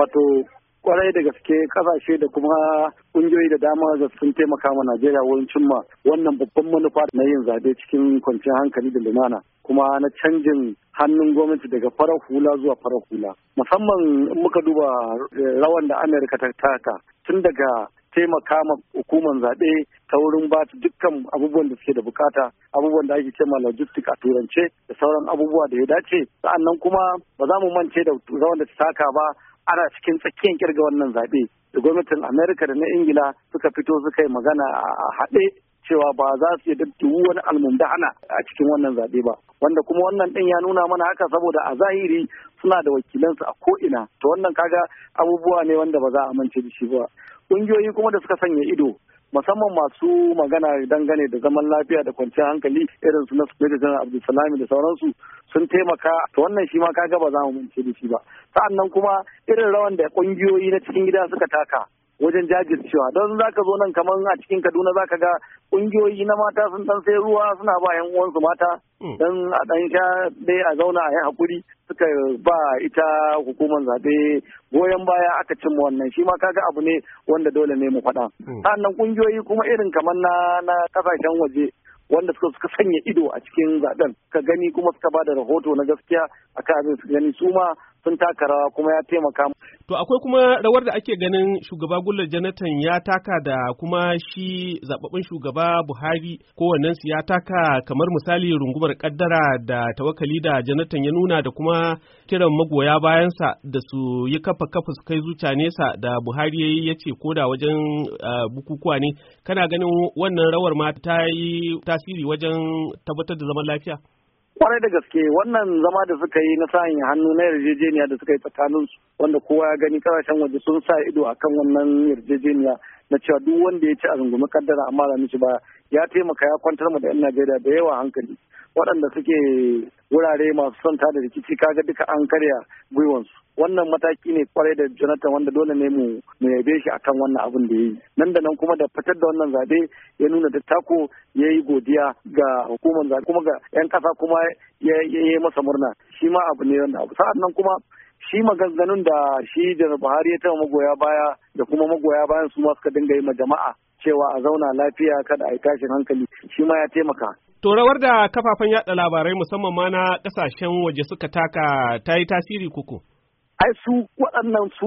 wato kwarai da gaske kasashe da kuma kungiyoyi da dama da sun taimaka ma Najeriya wurin cimma wannan babban manufa na yin zaɓe cikin kwanciyar hankali da lumana kuma na canjin hannun gwamnati daga farar hula zuwa farar hula musamman in muka duba eh, rawan da Amerika ta taka tun daga taimaka ma hukumar zaɓe ta wurin ba ta dukkan abubuwan da suke da bukata abubuwan da ake cema logistic a turance da sauran abubuwa da ya dace sa'annan kuma ba za mu mance da rawan da ta taka ba ana cikin tsakiyar kirga wannan zaɓe da gwamnatin amerika da na ingila suka fito suka yi magana a haɗe cewa ba za su yi duk wani almundahana a cikin wannan zaɓe ba wanda kuma wannan ɗin ya nuna mana haka saboda a zahiri suna da wakilansu a ko'ina to wannan kaga abubuwa ne wanda ba za a amince da shi ba kungiyoyi kuma da suka sanya ido musamman masu magana dangane da zaman lafiya da kwanciyar hankali irin su na Sufeta Janar Abdulsalami da sauransu sun taimaka to wannan shi ma kaga ba za mu mance da shi ba sa'annan kuma irin rawan da kungiyoyi na cikin gida suka taka wajen jajircewa don za ka zo nan kamar a cikin kaduna za ka ga kungiyoyi na mata sun dan sai ruwa suna ba yan uwansu mata mm. don a dan sha dai a zauna a yi hakuri aka ba ita hukumar zaɓe goyon baya aka cimma wannan shi ma kaga abu ne wanda dole ne mu faɗa. Hmm. Sannan ƙungiyoyi kuma irin kamar na na ƙasashen waje wanda suka suka sanya ido a cikin zaɓen ka gani kuma suka ba da rahoto na gaskiya a kan su gani su ma sun taka rawa kuma ya taimaka To akwai kuma rawar da ake ganin shugaba Gullar Jonathan ya taka da kuma shi zababben shugaba Buhari kowannen su ya taka kamar misali rungumar kaddara da tawakali da Jonathan ya nuna da kuma kiran magoya bayansa da su yi kafa kafa su kai zuciya nesa da Buhari ya ce da wajen bukukuwa ne kana ganin wannan rawar ma ta yi tasiri wajen tabbatar da zaman lafiya. kwarai da gaske wannan zama da suka yi na sa'in hannu na yarjejeniya da suka yi tsakanin su wanda kowa ya gani kasashen waje sun sa ido akan wannan yarjejeniya na cewa duk wanda ya ci a rungumi kaddara amma da mishi ba ya taimaka ya kwantar mu da 'yan Najeriya da yawa hankali waɗanda suke wurare masu son da rikici kaga duka an karya gwiwansu wannan mataki ne kwarai da jonathan wanda dole ne mu mu yabe shi akan wannan abin da ya yi nan da nan kuma da fitar da wannan zabe ya nuna da tako ya yi godiya ga hukumar zabe kuma ga 'yan kasa kuma ya yi masa murna shi ma abu ne wanda abu sa'an nan kuma shi maganganun da shi da buhari ya taɓa magoya baya da kuma magoya bayan su ma suka dinga yi ma jama'a cewa a zauna lafiya kada a yi tashin hankali shi ma ya taimaka To da kafafen yaɗa labarai musamman ma na kasashen waje suka taka ta yi tasiri kuku? ai su waɗannan su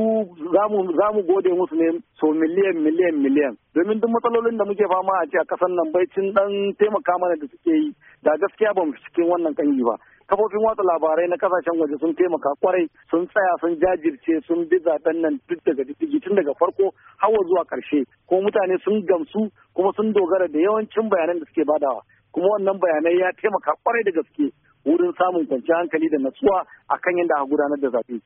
za mu gode musu ne so miliyan miliyan miliyan domin duk matsalolin da muke fama a ce a ƙasar nan baicin dan taimaka mana da suke yi da gaskiya ba mu cikin wannan kangi ba kafofin watsa labarai na kasashen waje sun taimaka kwarai sun tsaya sun jajirce sun bi zaben nan duk daga diddigi tun daga farko hawa zuwa karshe ko mutane sun gamsu kuma sun dogara da yawancin bayanan da suke badawa kuma wannan bayanai ya taimaka kwarai da gaske wurin samun kwanciyar hankali da natsuwa akan yadda aka gudanar da zaɓe.